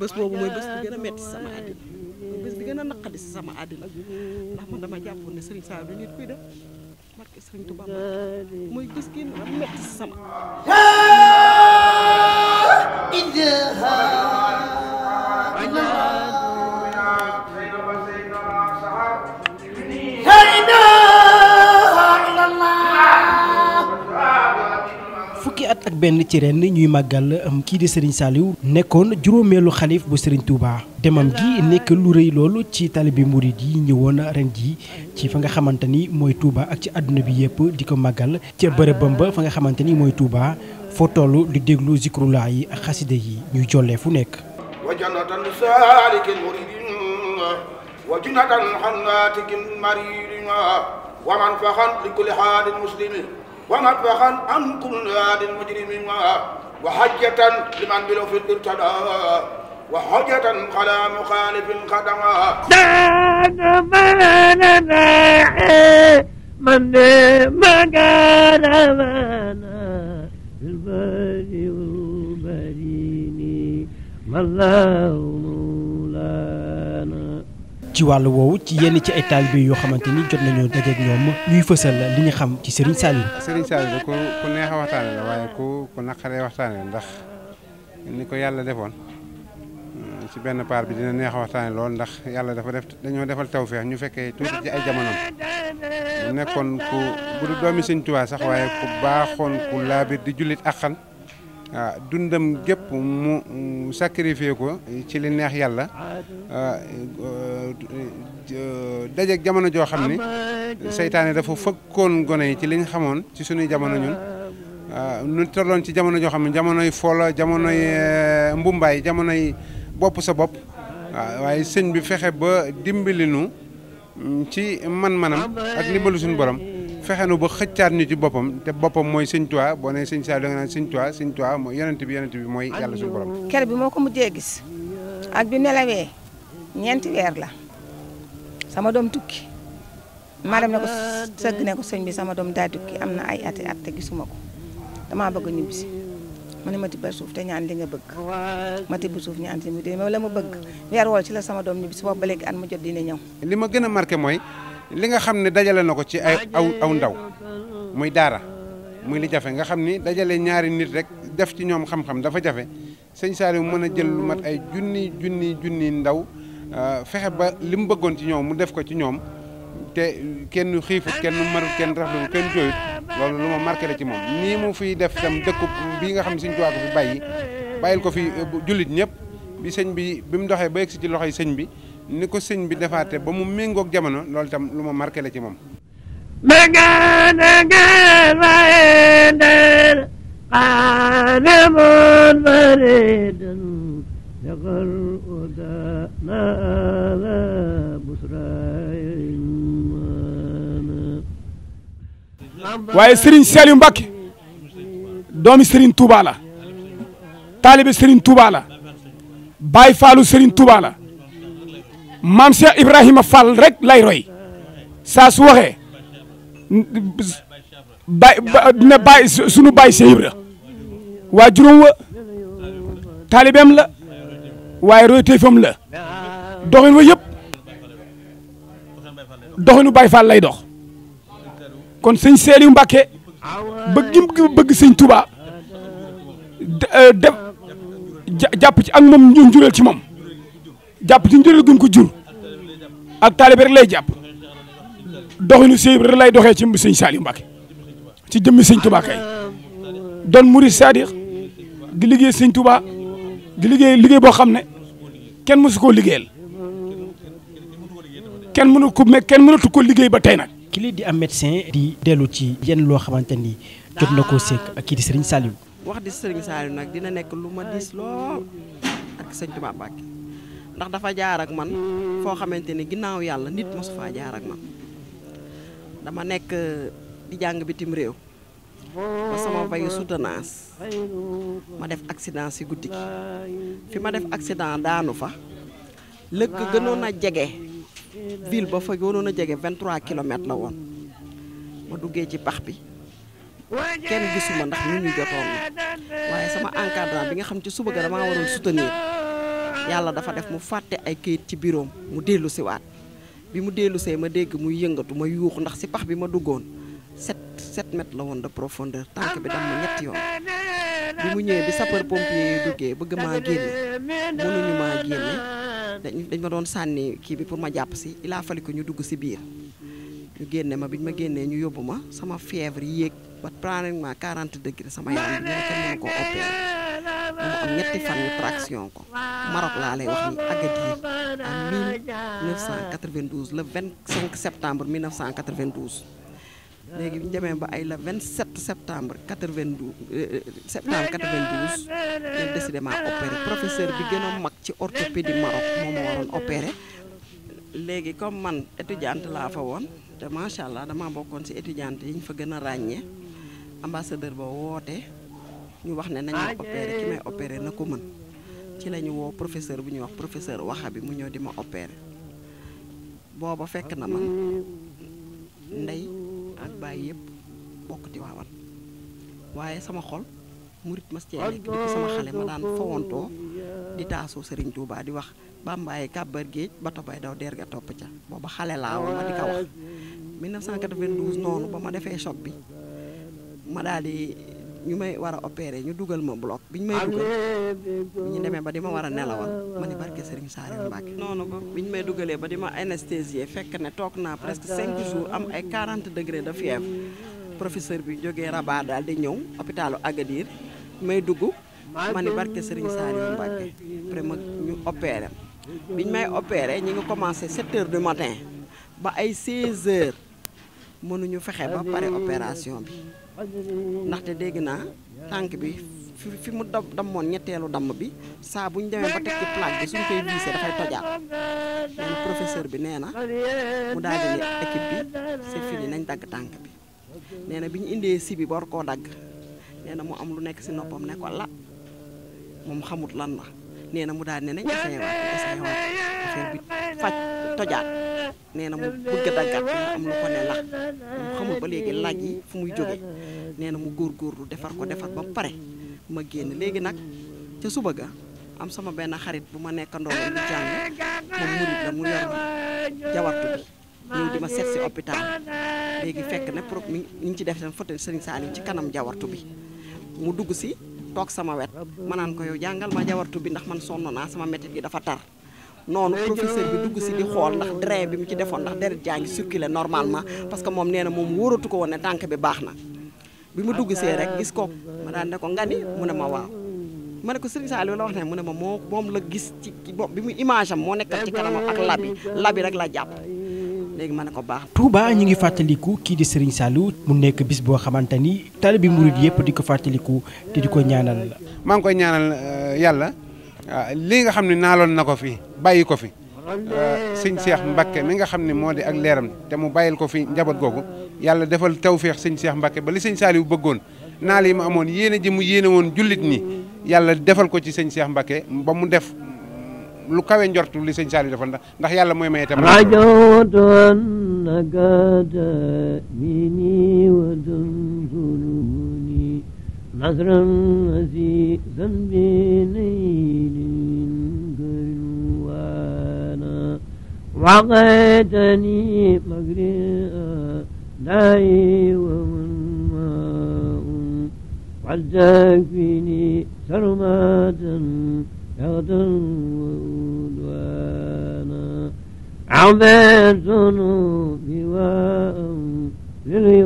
bés boobu mooy bés bi gën sama àddina mooy bés bi gën a naqadi si sama àddina ndax man dama jàppoon ne Serigne Sall du nit kuy def barke Serigne Touba mooy bés gi metti si sama benn ci ren ñuy màggal um, kii di sëriñ Saliou nekkoon juróomeelu xalif bu sëriñ Touba. demam gi nekk lu rëy loolu ci talibi murid yi ñëwoon ren ji ci fa nga xamante ni mooy tuuba ak ci àdduna bi yépp di ko màggal ca bërëbam ba fa nga xamante ni mooy Touba foo toll di déglu zikrulaa yi ak xaside yi ñuy jollee fu nekk. وجنة حناتك مريرنا ومن فخا لكل حال مسلم ومطبخا عن كل هذا المجرم وحجة لمن بلو في الارتدى وحجة على مخالف قدما دان ما لنا من مقال منا البر والبرين ما الله ci wàll woowu ci yenn ci ay taalibe yoo xamante ni jot nañoo dajeeg ñoom ñuy fësal li ñu xam ci Serigne Saliou. Serigne Saliou ku ku neex a waxtaane la waaye ku ku naqaree waxtaane ndax ni ko yàlla defoon mm, ci benn part bi dina neex a waxtaane lool ndax yàlla dafa def dañoo defal tawféex ñu fekkee tuuti ci ay jamonoom nekkoon ku bu du doomi Serigne Touba sax waaye ku baaxoon ku laabir di jullit àqan waaw ah, dundam gépp mu sacrifié ko ci li neex yàlla ah, eh, eh, dajeeg jamono joo xam ni seytaane dafa fëkkoon gone yi ci liñ xamoon ci suñuy jamono ñun ah, nu tolloon ci jamono joo xam ne jamonoy foola jamonoy eh, mbumbaay jamonoy bopp sa bopp waaw waaye sëñ bi fexe ba dimbali nu mm, ci man-manam ak ndimbalu suñu borom fexe na ba xëccaat ñu ci boppam te boppam mooy sëñ Tuubaa boo nee sëñ Saaliw da nga mooy yonent bi yonent bi mooy yàlla suñu borom. ker bi moo ko jee gis ak bi nelawee ñeenti weer la sama doom tukki maa dem ne ko sëgg ne ko sëñ bi sama doom daa tukki am na ay ati at te gisuma ko damaa bëgg si ma ne ma tibbal suuf te ñaan li nga bëgg ma tibb suuf ñaan li mu dee ma la ma bëgg weer wool ci la sama doom ñibbisi boobu ba léegi at mu jot dina ñëw. li ma gën a marqué moo li nga xam ne dajale na ko ci ay aw aw ndaw muy daara muy li jafe nga xam ni dajale ñaari nit rek def ci ñoom xam-xam dafa jafe sëñ Saliou mën a jël lu mat ay junni junni junni ndaw euh, fexe ba li mu bëggoon ci ñoom mu def ko ci ñoom te kenn xiifut kenn marut kenn rafetlu kenn jooyut loolu lu ma marqué la ci moom nii mu fiy def tam dëkku bii nga xam ne sëñ Tuubaa ko fi bàyyi bàyyil ko fi euh, jullit ñëpp bi sëñ bi bi mu doxee ba si ci loxo loxoy sëñ bi ni ko sëñ bi defaate ba mu méngoog jamono loolu itam lu ma marqué la ci moom waaye Serigne Saliou Mbacke doomi Serigne Touba la taalibe Serigne Touba la Baye Fallou Serigne la maam Cheikh Ibrahima Fall rek lay roy saa su waxee bay dina bàyyi sunu bàyyi Cheikh Ibra waa juróom wa taalibeem la waaye roy téefam la doxin wa yëpp doxinu Baye Fall lay dox kon sëñ Saliou Mbacké bëgg bëgg sëñ Touba def jàpp ci ak moom ñu ci moom jàpp ci njëriñ gën ko jur ak taalibe rek lay jàpp doxinu sëñ rek lay doxee ci sëñ Saliou Mbacké ci jëmm sëñ Touba kay doon murid di liggéey sëñ tubaa di liggéey liggéey boo xam ne kenn mësu koo liggéeyal kenn mënu ko mais kenn mënatu ko liggéey ba tey nag. ki lii di am médecin di dellu ci yenn loo xamante ni jot na koo sekk ak kii di Serigne Saliou. wax di nag dina nekk lu ma diis lool ak sëñ ndax dafa jaar ak man foo xamante ni ginnaaw yàlla nit mosu faa jaar ak man dama nekk euh, di jàng bitim réew ba sama bayu soutenance ma def accident si guddi gi fi ma def accident daanu fa lëkk gënoon a jege ville ba fa gënoon a jege 23 kilomètres la woon ma duggee ci pax bi kenn gisuma ndax nit ñu jotoon na waaye sama encadrement bi nga xam ci suba ga damaa waroon soutenir yàlla dafa def mu fàtte ay kayit ci biroom mu dellu si waat bi mu dellu see ma dégg muy yëngatu ma yuux ndax si pax bi ma duggoon set set mètres la woon de profondeur tànk bi tam ma ñetti yoon bi mu ñëwee bi sapeur pompier yi duggee bëgg maa génne mënuñu maa génne dañ ma doon sànni kii bi pour ma jàpp si il a fallu ñu dugg si biir ñu génne ma biñ ma génnee ñu yóbbu ma sama fièvre yéeg ba pratiquement 40 degré sama yaram bi ko opéré mu am ñetti fan yu traction ko Maroc laa lay wax ni Agadir en 1992 le 25 septembre 1992 léegi ñu demee ba ay le 27 septembre 92 euh, euh, septembre 92 ñu décidément opéré professeur bi gën a mag ci orthopédie Maroc moom moo waroon opéré léegi comme man étudiante laa fa woon te macha allah damaa bokkoon si étudiante yi ñu fa gën a ràññee ambassadeur ba woote. ñu wax ne nañ ma ah, opéré ki may opéré na ko mën ci la ñu woo professeur bu ñuy wax professeur waxa bi mu ñëw di ma opéré booba fekk na man ndey ak bàyyi yëpp bokk ci waaye sama xol murit mas cee nekk depuis sama xale ma daan fawantoo di taasoo Sëriñ Tuubaa di wax bàmbaay kàbbar géej bato bay daw derga topp ca booba xale laa woon ma di ko wax noonu ba ma defee choc bi ma daal di ñu may war a opéré ñu dugal ma bloc bi ñu may dugal ñu demee ba di ma war a nelawal ah, ma ni barke Serigne Saliou ah, Mbacké noonu ko bi ñu may dugalee ba di ma anesthésier fekk ne toog naa presque ah, cinq jours am ay 40 degré de fièvre professeur bi jógee Rabat daal di ñëw hôpitalu Agadir may dugg ma ni barke Serigne Saliou Mbacké après ma ñu opéré biñ may opéré ñi ngi commencé 7 heures du matin ba ay 16 heures mënuñu fexe ba pare opération bi ndaxte dégg naa tànk bi fi fi dam dammoon ñetteelu damm bi saa bu ñu demee ba teg ci plaque bi suñ koy viisee dafay tojaat neen bi nee na mu bi c'est nañ dagg tànk bi nee na bi ñu indee si bi boor koo dagg nee na mu am lu nekk si noppam ne ko la moom xamut lan la nee na mu daal ne nañ essayé waat essayé waat affaire bi faj tojaat nee na mu bëgg a am lu ko ne mu xamul ba léegi laaj yi fu muy jóge nee na mu góorgóorlu defar ko defar ba pare ma génn léegi nag ca suba ga am sama benn xarit bu ma nekk ndoola bu mu yor ma seet si hôpital léegi fekk ne pour mi ngi ci def seen fotel Serigne Saliou ci kanam jawartu bi mu dugg si toog sama wet ma naan ko yow jàngal ma jawartu bi ndax man sonn naa sama métit yi dafa tar noonu professeur bi dugg si di xool ndax drain bi mu ci defoon ndax deret jaa ngi circulé normalement parce que moom nee na moom wóoratu ko woon ne tànk bi baax na bi mu dugg see rek gis ko ma daan ne ko nga ni mu ne ma waaw ma ne ko Serigne Saliou la wax ne mu ne ma moo moom la gis ci bi mu image am moo nekkal ci kanamam ak labi labi rek la jàpp léegi ma ne ko baax Touba ñu ngi fàttaliku kii di Serigne Saliou mu nekk bis boo xamante ni bi mu yëpp di ko fàttaliku di ko ñaanal maa ngi koy ñaanal euh, yàlla waaw ah, lii nga xam ne naaloon na ko fi bàyyi ko fi ah, sëñ Cheikh Mbacké mi nga xam ne moo di ak leeram te mu bàyyil ko fi njaboot googu yàlla defal tawféex sëñ Cheikh Mbacké ba li sëñ Saliou bëggoon naal yi mu amoon yéene ji mu yéene woon jullit ñi yàlla defal ko ci sëñ seex Mbacké ba mu def lu kawe njortu li sëñ Saliou defal ndax ndax yàlla mooy maye tam rajoon nagada mi ni wa نذرا في ذنب ليل كروانا وقيتني مغرئا داي ومن ماء وعزاكني سرمادا يغدا وأدوانا عبيت نوبي وأم لليوم